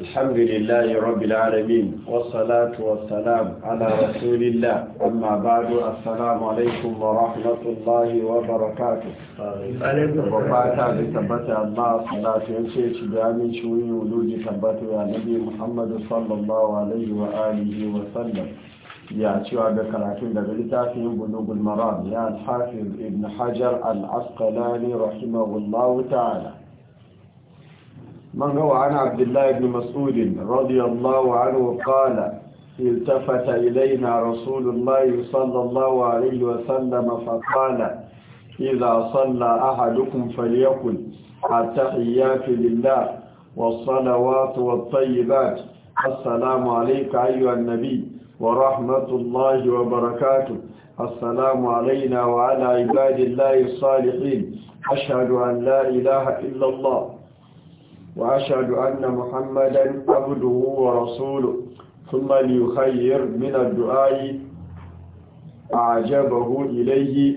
الحمد لله رب العالمين والصلاة والسلام على رسول الله أما بعد السلام عليكم ورحمة الله وبركاته وبركاته بثبت الله صلاة ينشيش بأمين شوي ولود ثبت يا نبي محمد صلى الله عليه وآله وسلم يا شو هذا كلام ده بالتافين بلوغ المرام يا الحافظ ابن حجر العسقلاني رحمه الله تعالى من روى عن عبد الله بن مسعود رضي الله عنه قال التفت إلينا رسول الله صلى الله عليه وسلم فقال إذا صلى أحدكم فليقل التحيات لله والصلوات والطيبات السلام عليك أيها النبي ورحمة الله وبركاته السلام علينا وعلى عباد الله الصالحين أشهد أن لا إله إلا الله وأشهد أن محمدا عبده ورسوله ثم ليخير من الدعاء أعجبه إليه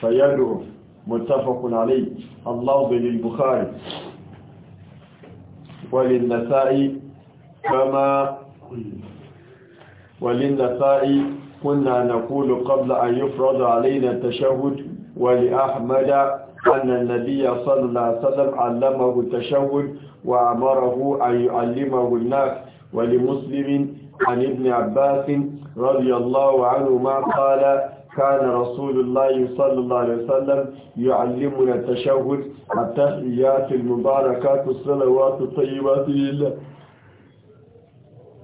فيدعو متفق عليه اللفظ للبخاري وللنسائي كما وللنسائي كنا نقول قبل أن يفرض علينا التشهد ولأحمد أن النبي صلى الله عليه وسلم علمه التشهد وأمره أن يعلمه الناس ولمسلم عن ابن عباس رضي الله عنهما قال كان رسول الله صلى الله عليه وسلم يعلمنا التشهد التحيات المباركات الصلوات الطيبات لله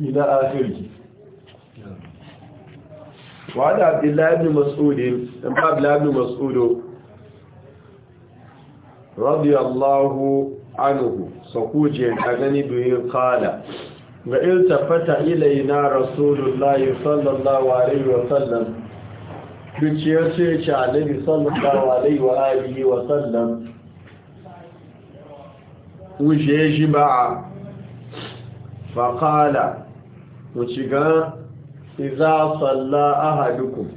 إلى آخره وعن عبد الله بن مسعود عبد الله بن مسعود رضي الله عنه سكوجي أغني به قال وإلتفت إلينا رسول الله صلى الله عليه وسلم بشيشيش عليه صلى الله عليه وآله وسلم وجيجي معا فقال وشيغا إذا صلى أهدكم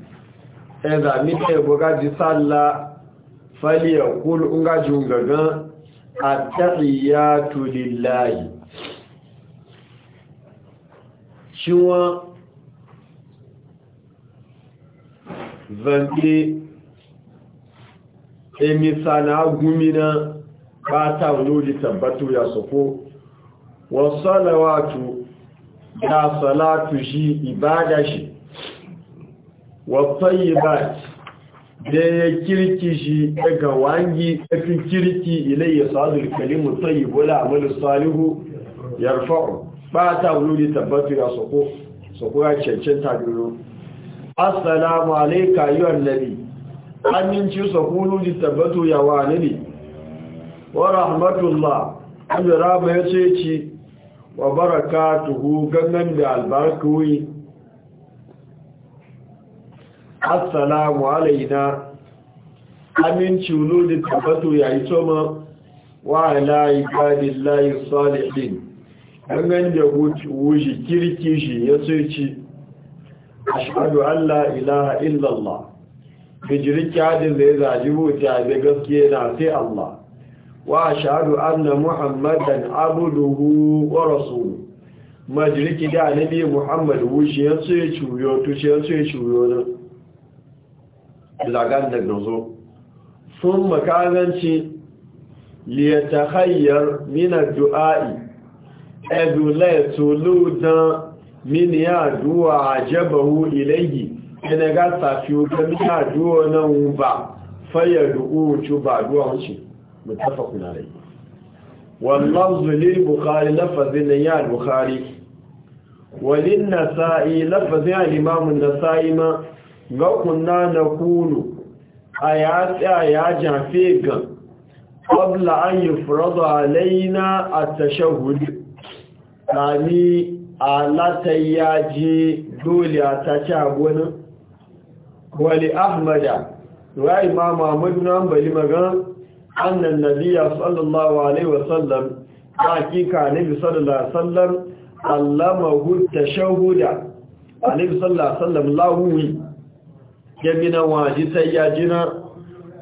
إذا متى بغادي صلى faliya kulu unga jungagan attaqiyatu lillahi shiwa zanke emisa na gumina ba ta wani tabbatu ya soko wasalawatu da salatu shi ibada shi wasayibat da ya kirki shi daga wangi ɗafin kirki ilai ya sadu kalimu tsayi bola amalu salihu ya rufa'u ba ta wuri tabbatu ya soko soko ya cancanta duro assalamu alaika yi annabi aminci soko wuri tabbatu ya wa nabi wa rahmatullah an rama ya ce ci wa barakatuhu gangan da albarkuwi assalamu alaina aminci wuludin tabbatu ya yi toma wa ala ibadillahi salihin gangan da wuji kirki shi ya sai ci ashhadu an la ilaha illallah bijiri kyadin da ya zaji wuta da gaskiya na sai Allah wa ashhadu anna muhammadan abuduhu wa rasuluhu majiriki da nabi muhammad wuce ya ce cuyo tushe ya ce cuyo nan zagan da gazo sun makaganci liyatahayyar minar du'a'i ẹ̀dùnlẹ̀ tó lóòdán mini àdúwà àjẹ́bàwó ilẹ́yì ẹnẹgá tàfi ogun ní àdúwà náà ń bà fẹ́yẹ̀dù oòrùn ba, ó bà àdúwà ń ṣe mẹ́tàfàkùnà rẹ̀ wọ́n lọ́zùlé bukari lafazin na yà bukari wọ́n lè nasa'i lafazin alimamun nasa'i ma ga kunna na kunu a ya tsaya ya jafe ga ƙwabla an yi furazu alaina a tashahudu kami a latayya ji dole a tashi agwani wali ahmada wa imam ahmadu na bali magana annan nabiya sallallahu alaihi wasallam ta hakika nabi sallallahu alaihi wasallam allama tashahuda alaihi sallallahu alaihi wasallam lahuwi yamina waji sai ya jina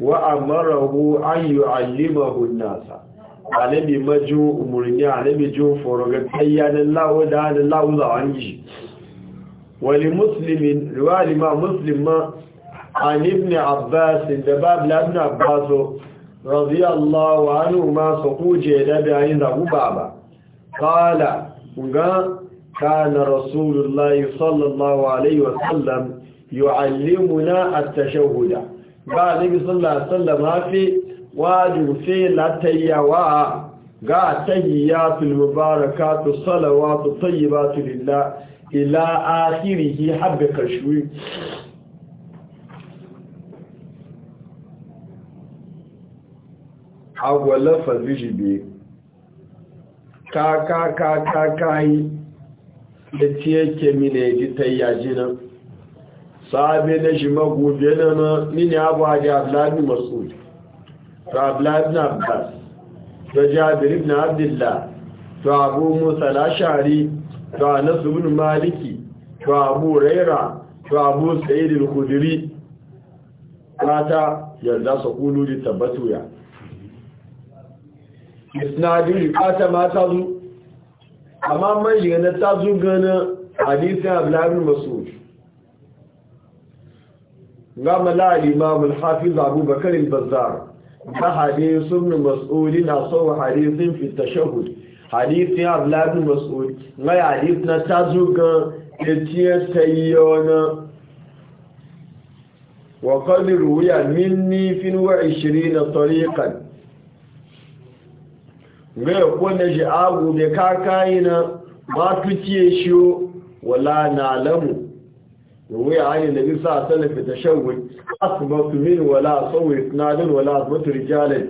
wa amarahu an yu'allimahu an-nasa alabi maju umurni alabi jo foroga tayyanin lawo da abbas kana rasulullahi sallallahu alaihi wasallam yu'allimuna at-tashahhuda ga nabi sallallahu alaihi wasallam hafi waju fi latayawa ga tahiyatul mubarakatu salawatu tayyibatu lillah ila akhirih habba kashwi agwala fazijibe ka ka ka ka kai da ciye ke mine ji ta yaji nan sahabe na shi magobe na na nini abu hajji abdullahi masud to abdullahi na abbas to jabir ibn abdullah to abu musa lashari to nasu bin maliki to abu raira to abu sa'idul kudiri mata yarda su kulu da tabbatuya isnadin rikata ta zu amma mai yana ta zu gana hadisin abdullahi masud gama la'imam al-hafiz abubakar al-bazzar ba hadisun mas'uli na so hadisun fi tashahhud hadisun abdullahi mas'ul ga hadis na tazuga etiyar sayyona wa qad ruya minni fi 20 tariqan ga kone ji abu da kakaina ba tuciye shi wala na alamu وهي عن النبي صلى الله عليه وسلم بتشوي أصبت من ولا صوي اثنان ولا أصبت رجالا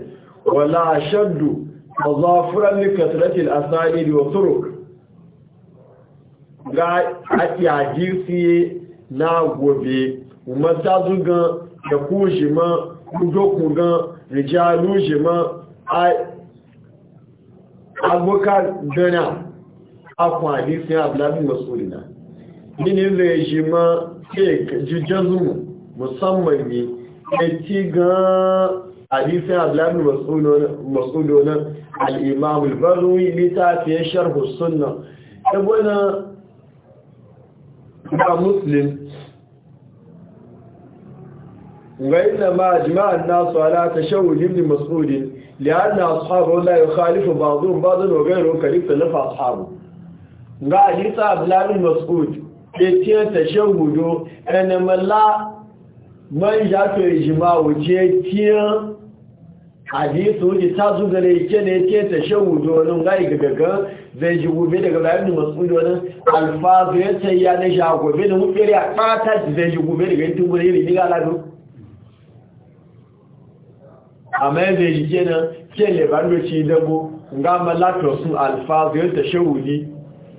ولا أشد تظافرا لكثرة الأسانيد والطرق ga ake ajiyarsi na gobe umartazu gan da ku jiman kudoku gan rijalu jiman agbóká gana akwàdí sí abúlábí masu rina mini zai shi ma ke jujjazu musamman ne ya ci ga hadisin abdullahi masudo na al'imam albarwi littafiyar sharhu sunna ibuna ba muslim وإنما ما أجمع الناس على تشوج ابن مسعود لأن أصحابه لا ètí ẹ̀tẹ̀ṣẹ́ ògbòdó ẹnẹmẹ́lá mọ́ìyàtọ̀ ìjìmá òjì ẹtí ẹn àdíyẹ́tò ó ti tásù gẹ̀rẹ̀ ìkẹ́ ní ètí ẹ̀tẹ̀ṣẹ́ ògbòdó ọdún gáyì zai zẹ̀jì gobe daga bayan masu wani alfazu ya ce ya na sha gobe da mutsiri a ƙata zẹ̀jì gobe daga yankin wani iri ni galago amma ya zẹ̀jì kenan ke lebandoci dago ga malatar sun alfazu ta tashe wuli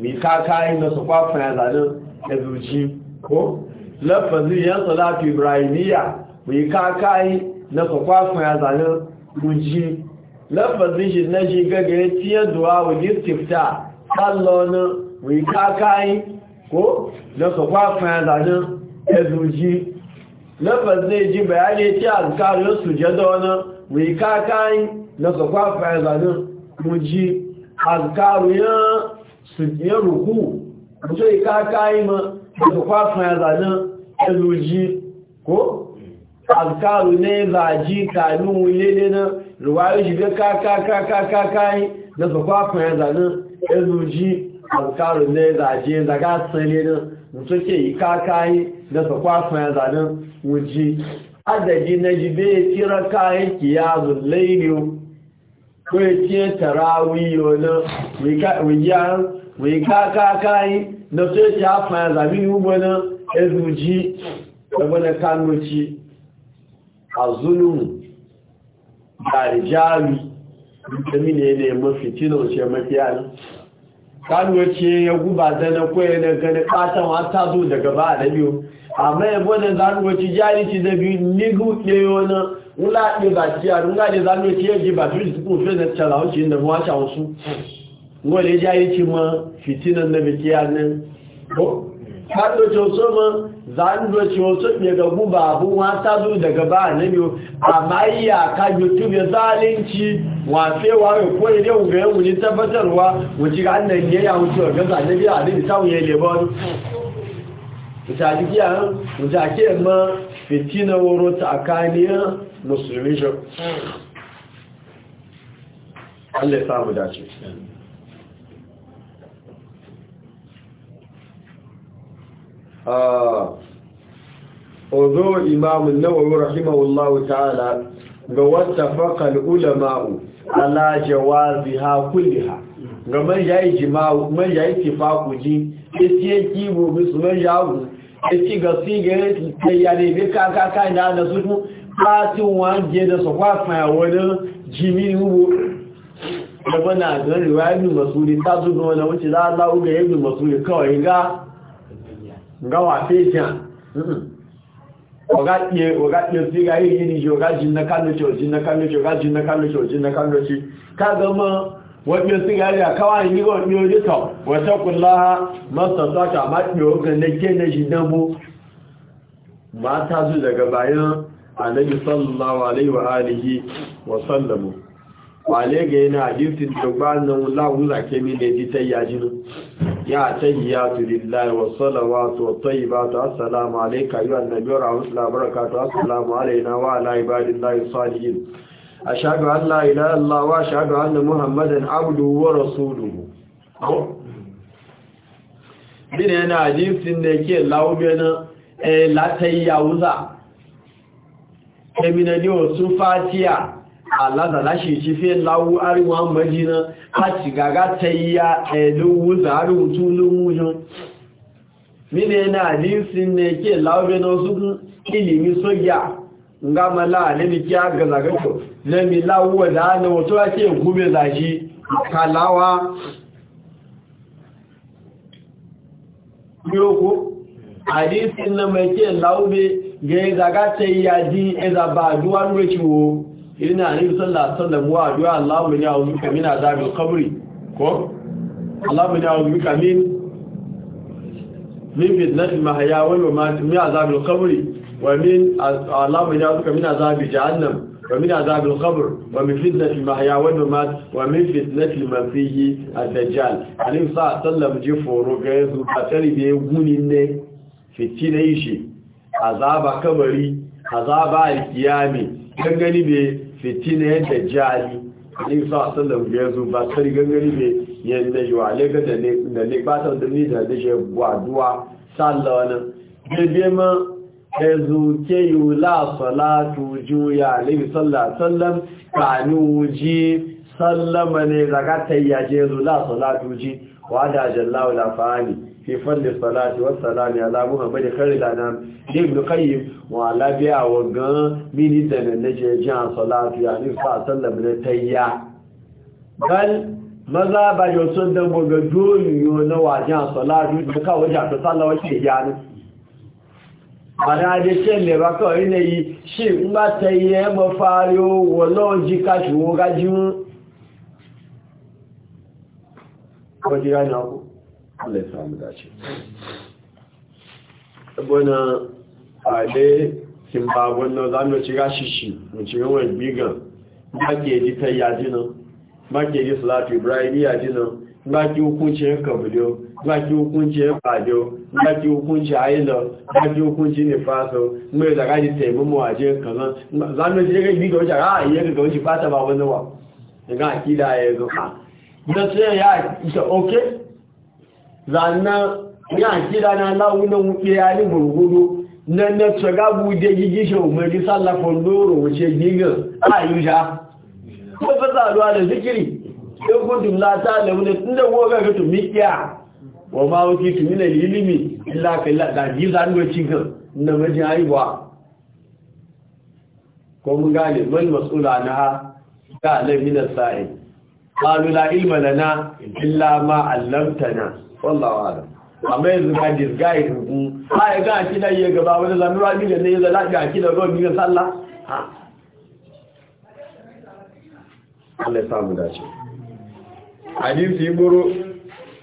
mai kakayin na su kwafa ya zanen da zuci ko lafazin yan salatu ibrahimiyya mai kakayi na kwakwakwa ya zanen guji lafazin shi na shi gagare tiyar duwa wajen stifta tsallon mai kakayi ko na kwakwakwa ya zanen ya zuji lafazin ji bayanai ti a karin sujada wani mai kakayi na kwakwakwa ya zanen guji a karin sujiyar ruku mutum ya kaka yi ma daga kwakwa ya zanen eloji ko alkaru ne zaji kanun lele na ruwayo shiga kaka kaka kaka yi daga kwakwa ya zanen eloji alkaru ne zaji zaga tsale na mutum ke yi kaka yi daga kwakwa ya zanen wuji adadi na jibe kira kayan kiyazun lailiyo ko ya ce tarawiyo na wiyar wèé káàkáàká yìí na tó ṣe àfàyà zàbí ìwúgbọ́nà ẹzùjí ẹgbọ́nà kánúci azulumu dàríjáàrí ìtẹ́mí ne ne mafi tínà ṣe mafiya ya guba zana kwaye na gani katon wata zo daga ba da biyu amma ẹgbọ́nà zanúci járìci da biyu nígú ɗeyo na wula ɗe ba ciyar wula ɗe zanúci yẹ́ ji ba fi wọ́n lè já yìí kí fitinan na biki ne ko haɗo ce wasu ma za a ɗo ce wasu ne ga guba abin wata zo daga ba a nan yau amma yi a ka youtube ya zalunci wafewa ya koyi ne wuga yan wuni tabbatarwa wuce ga annan ya ya wuce wa gaza na biya a nan ta wuye lebon ita jiki a nan wuce a ke ma fitinan wuro tsakaniyar musulmi ozo imamun nawawi rahimahullahu ta'ala ga wata fakal ulama'u ala jawazi ha kulliha ga man ya yi jima'u man ya yi tifaku ji ya siye kibo bisu man ya hu ya ci ga sigare tayyare bai kakaka na da su mu fatin wange da su fa ya wani jimi rubo da bana don riwayen masu ne ta zuwa wani wuce za a la'uga yin masu ne kawai ga gawa fejian ogajiyo si ga yi yi ni ji ogajin na kanoci ojin na kanoci ogajin na kanoci ojin na kanoci ka zama wajen si ga yi a kawai yi ga yi ojito wata kula masan zaka mafi ogun na gina ji na mu mata su daga bayan a nagi sallallahu alaihi wa sallamu wale ga yana hadisin da ba nan la'uza zake min da ji yi jinu ya tayyatu lillahi wa salawatu wa tayyibatu assalamu alayka ayyuha an-nabiyyu wa rahmatullahi wa barakatuh assalamu alayna wa ala ibadillahi salihin ashhadu an la ilaha illa wa ashhadu anna muhammadan abduhu wa rasuluhu bin yana hadisin da ke lahu na eh la tayya uza kemina ni wasu sun fatiya aláta láṣe ìṣífẹ́ láwú àríwá mẹ́jìnà láti gàgá tẹ́yà ẹ̀lówó na tún ló mú yan nínú ẹ̀nà àdínsí ní kí láwọ́bẹ̀ náà súnkún ìlìmí sóyà ngámàlá lẹ́ni kí á gàzàgẹ́kọ̀ lẹ́mi láwú ẹ̀dáánàwò tó wá kí ègúnmẹ́ na kàláwá yóò àdínsí ní mẹ́kẹ́ láwọ́bẹ̀ gẹ̀ẹ́zàgá tẹ́yà dín ẹzàbà àdúwárú rẹ̀ kí wo Ina annabi sallallahu alaihi wasallam wa addu'a Allahumma ya uzbika min azabil qabr ko Allahumma ya uzbika min min fitnatil mahya wa mamat min azabil qabr wa min Allahumma ya uzbika min azabil jahannam ومن عذاب القبر ومن فتنة المحيا والممات ومن فتنة foro الدجال عليه الصلاة والسلام جفورو ne باتري بيغوني yishi azaba kabari azaba al عذاب kan gani be fitina yadda jali ni sa sallam ya zo ba sai gangari ne yanda yi wa lega da ne da ne ba ta da ni da da je gwaduwa sallawa nan bebe ma ya zo ke yi la salatu juya alaihi sallallahu sallam kanu ji sallama ne zaka ta yi ya je zo la salatu ji wa da jallahu la fani في فضل الصلاة والسلام على محمد خير الأنام ابن قيم وعلى بيع وقان من إذن النجي جان صلاة يعني صلى الله عليه وسلم نتيا بل maza ba yau sun dan boga duniyo na wajen salatu da ka waje ta sallah wace yana ana da shin ne ba kawai ne yi shi in ba ta yi ya mafari wallon ji ka shigo gajin wajen yana ku Allah ya samu dace bana ale kin ba wannan zamu ci gashi shi mu ci wannan bigan make ji tayya dinan make ji salatu ibrahimiya dinan make hukunci kabulo make hukunci bado make hukunci ayilo make hukunci ne faso mai da gaji taimu mu aje kanan zamu ci ga bigan ja a yi ga wuce fata ba wannan wa daga akida ya zo ha dan sai ya ita okay zannan ya kira na launin wuke ya yi gurgudu na na tsaga bude gigishe umarni sallafon doro wuce gigin ayusha ko fa zaruwa da zikiri in da la ta'lamu tunda ko ga to mikiya wa ma wuti tu na ilimi illa kalla da ji zan go cikin na maji haihuwa ko mun gane wani mas'ula anha ha la alamina sa'in sai qalu la ilma lana illa ma 'allamtana wallawa adam amma yanzu ka disguise rukun ha ya ga aki da iya gaba wani lamura miliyan ne ya zala ga aki da ruwan miliyan sallah ha Allah ya samu dace hadisi buru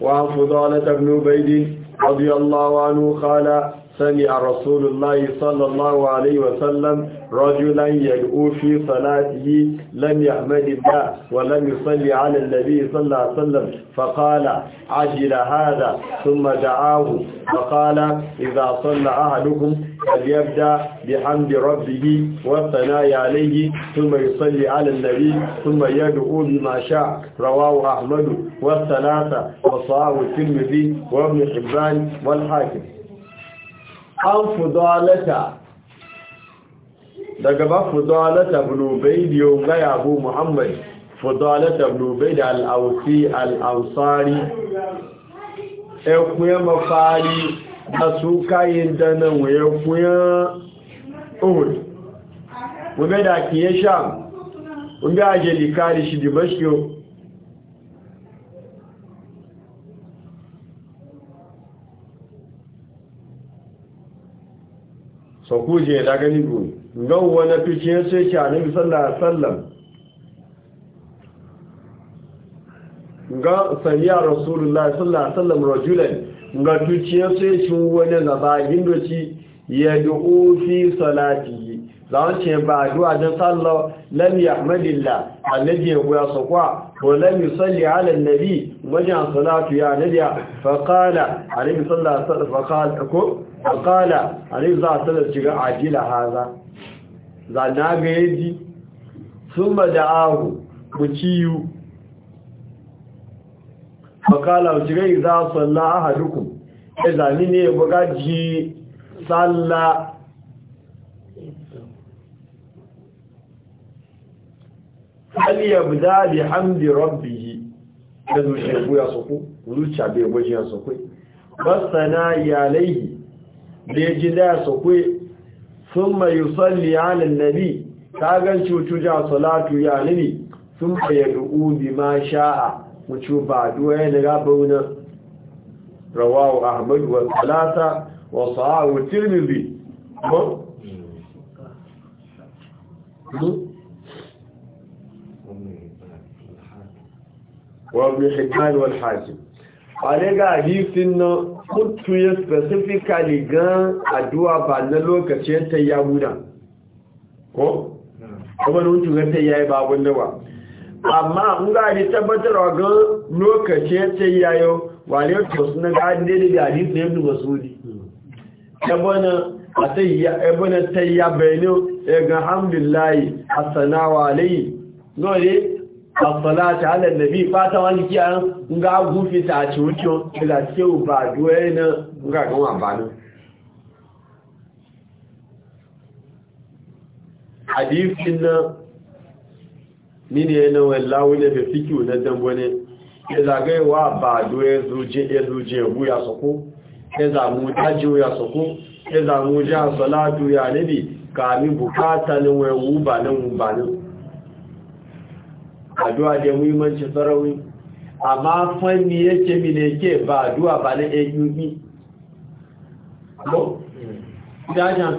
wa fudala tabnu baidi رضي الله عنه قال سمع رسول الله صلى الله عليه وسلم رجلا يدعو في صلاته لم يحمد الله ولم يصلي على النبي صلى الله عليه وسلم فقال عجل هذا ثم دعاه فقال إذا صلى أحدكم فليبدأ بحمد ربه والثناء عليه ثم يصلي على النبي ثم يدعو بما شاء رواه أحمد والثلاثة وصعب الترمذي وابن حبان والحاكم عن فضالة دقبا فضالة بن عبيد يوم يوغي أبو محمد فضالة بن عبيد الأوسي الأوصاري أخويا مفاري أسوكا يندن ويخويا أهد ومدى كيشام ومدى أجل كارش دمشق sakuje da gani goyi gawa na fice ya ce a annabi sallallahu alaihi wasallam ga sanya rasulullah sallallahu alaihi wasallam rajulan ga tuciya sai shi wani zabagin doci ya du'u fi salati zawon ce ba du'a don sallar lam yahmadillah annabi ya goya sakwa ko lam yusalli ala nabi wajen salatu ya nabiya fa qala alaihi sallallahu alaihi wasallam fa qala ko a kala a ne za a sanar shiga ajila haza za na ga yaji sun ba da ahu mu ciyu a kala shiga yi za a salla a hadukun ya zami ne ya bugaji salla hali ya buda bi hamdi rabbi da zuciya buya su ku zuciya bai gwajiyar su ku basana iyalai بيجدا سكوي ثم يصلي على النبي kagan cutuja salatu ya nabi sun bayyadu bi ma sha'a mucu ba duwaye da gabauna rawahu ahmad wa salata wa sahahu tirmidhi ko wa ibn hibban wal hakim alega hifin no mutu ya specifically gan addu'a ba na lokacin ta ya huda ko? kuma nutu tun ta ya yi babun da ba amma an gani wa gan lokacin ta ya yi wale to suna gani daidai da hadisi ya duba su ne ebana ta ya bayani ya eh, ga hamdulillahi a sanawa alayi nore àpọ̀láti alẹ́lẹ̀bí pátá wọ́n ní kí a ń gá gúfèsà àti òjò ìgbà tí ó bà dó ẹ́nà gbàgbọ́n wà bá ní àdífin náà nínú ẹ̀nà wọn láwílẹ̀ fẹ́ fíkì ò lẹ́dẹ̀gbọ́nẹ́ ẹzàgẹ́ wà bà dó ẹzùjẹ addu'a da muhimmanci sarawi amma fanni yake mi ne ke ba addu'a ba na ayyuki ko dajan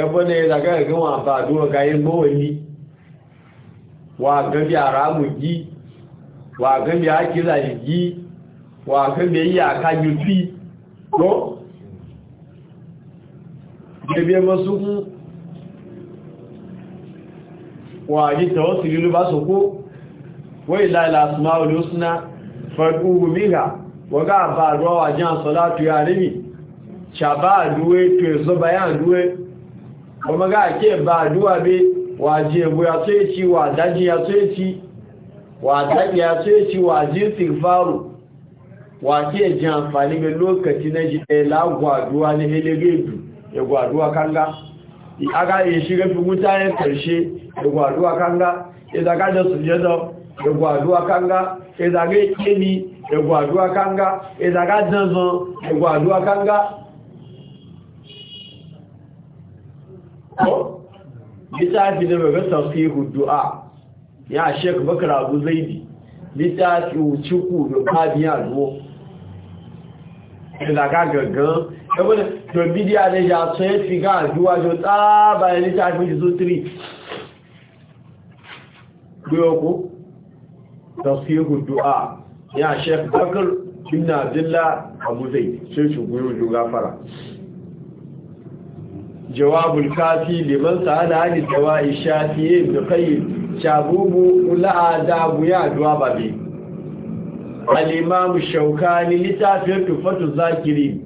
ẹgbọ́n ni ìdàgá ẹ̀gbọ́n wọn àbá àdúrà gáyé mọ́wẹ̀ ní wà gẹ́bí àràmù jí wa gẹ́bí àkílà jí wà gẹ́bí yí àkájú tí ko gẹ́bí masu waje tawassuli lu ba su ko wa ila ila asma'ul husna fad'u biha wa ga ba ruwa wajen salatu ya nabi shaba duwe to zo bayan duwe kuma ga ke ba duwa be wa bu ya sai ci wa daji ya sai ci wa daji ya sai ci wa jinsi faru wa ke ji amfani ga lokaci na ji ɗaya lagwaduwa na helegedu ya gwaduwa kanga aka yi shi gafi mutanen karshe da gwaduwa kanga ya zaga da sujada da gwaduwa kanga ya zaga kemi da gwaduwa kanga ya zaga danzon da gwaduwa kanga ko littafi da mai gasar fi hudu'a ya shek bakar abu zaidi littafi ciku da babiya ruwa ya zaga gaggan saboda don bidiya da ya so ya fi ga ajuwa jo tsaba ya nita fi jizo 3 guyoko tafsirun du'a ya shek bakar ibn abdullah abu zai sai shi guyu jo gafara jawabul kafi liman da buya du'a babi al-imam shaukani fatu zakiri.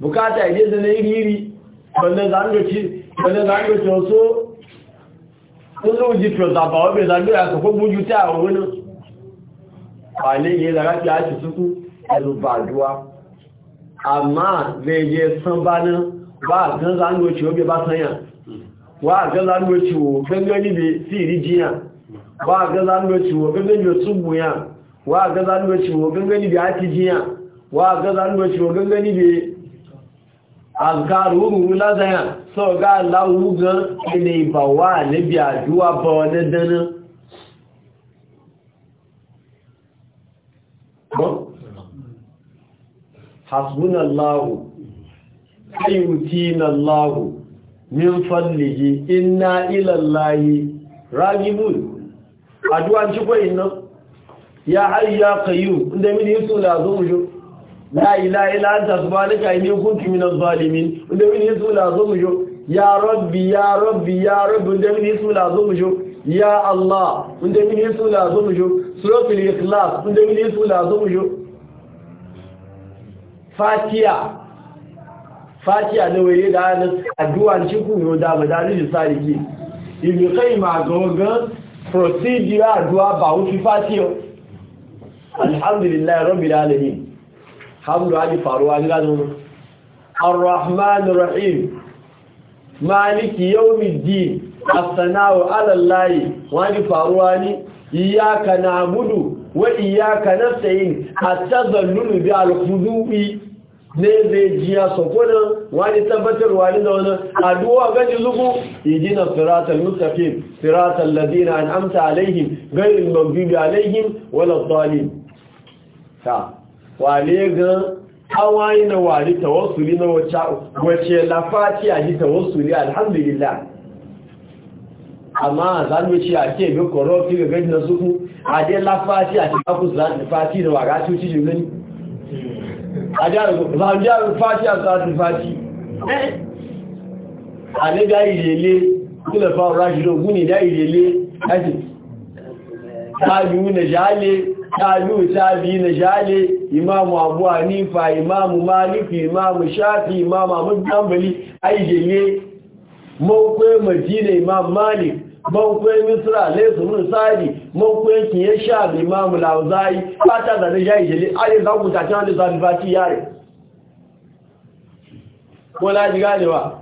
bukata ide da na iri iri wanda za mu ci wasu kullum ji to ba wabe za ya a wani ba ne ne da rafi a suku alubaduwa amma zai je san ba ba gan za mu wabe ba sanya wa a za mu wo gangani be siri jiya wa gan za mu wo gangani wa gan za mu ci wo gangani be atijiya wa ga zan do shi wagan gani be azkaru mu la zaya so ga lawu ga ne ba wa ne biya duwa ba wani dana ko hasbunallahu ayyutinallahu min fadlihi inna ila allahi ragibun aduwa ci ko inna ya hayya qayyum inda mini yusu la zuju la ilaha illa anta subhanaka inni kuntu minaz zalimin da min la zumjo ya rabbi ya rabbi ya rabbi da min yasu la zumjo ya allah da min yasu la zumjo suratul ikhlas da min yasu zumjo fatiha fatiha da waye da addu'a shi ku yo da madani saliki ibi kai ma gogo procedure addu'a ba wuce fatiha alhamdulillah rabbil alamin hamdu haji faruwa gano ar-rahman rahim maliki yawmiddin as-sana'u 'ala allahi waji faruwa ni iyyaka na'budu wa iyyaka nasta'in at-tadallulu bi al-khudu'i ne zai jiya sokonan wani tabbatarwa ne da wani addu'a gaji zuku idina siratal mustaqim siratal ladina an'amta alaihim ghayril maghdubi alaihim walad-dallin ta wale gan hawaye na wale tawassuli na wace lafati a ji tawassuli alhamdulillah amma za mu ce a ke bi korofi ga gani na suku a dai lafati a cikin ku za ta fati da waga ci ji gani a jihar fati a tsarin fati a ne da irele kula fa'ura shi don guni da irele ta biyu na jale ta bi na jale imamu abu hanifa imamu maliki imamu shafi imamu ahmad hanbali ai jeye mawkwai madina imam malik mawkwai misra laysu mun sadi mawkwai kiye sha imamu lauzai fata da na jayi jele ai za ku ta tana da yare ko la ji ganewa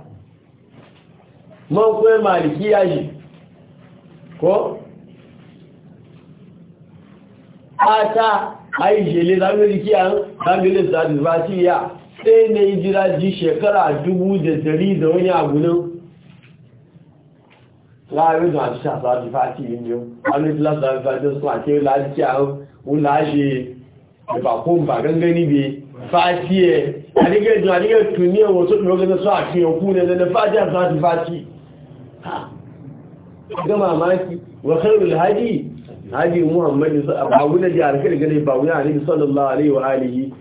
mawkwai maliki yaji ko ata aijele zamirikiya zambilis da dubatiya sai na jira ji shekara dubu da dari da wani agunan láàrin ìdùn àti ṣàtà dìfàtì ìní ọlọ́dún láti dìfàtì ọ̀sán àti láti àwọn láṣe ìbàkóǹbà gẹ́gẹ́ níbi fàtí ẹ̀ àdígẹ́dùn àdígẹ́tù ní ẹ̀wọ̀n tó fi rọ́gẹ́ sọ àti láti hadi muhammad ba wuna ji alkar gane ba wuna alaihi sallallahu alaihi wa alihi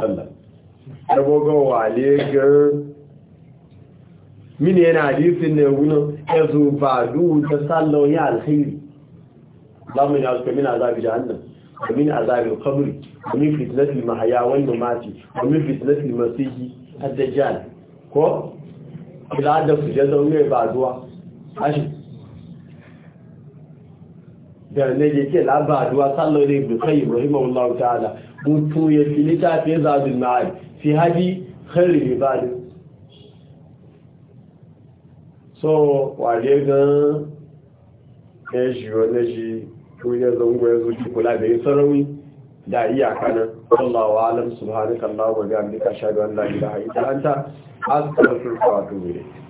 sallam rabo ga wale ga mini yana hadisin ne wuna ya zo ba du ta sallau ya alkhairi lamun ya zuka min azabi jahannam wa min azabi al-qabr wa min fitnati al-mahya wal mamati wa min fitnati al-masih ad-dajjal ko abu da su sujada ne ba zuwa ashe. da ne ya ke labaduwa sallari ibn qayyim rahimahullahu ta'ala mutu ya fi littafi ya zaɓi ma'ai fi haɗi harin ibadu so wale gan ya shi wani shi ko ya zango ya zuci kula da ya sarari da iyaka nan Allah wa alam subhanaka Allah wa bihamdika ashhadu an la da illa anta astaghfiruka wa atubu ilayk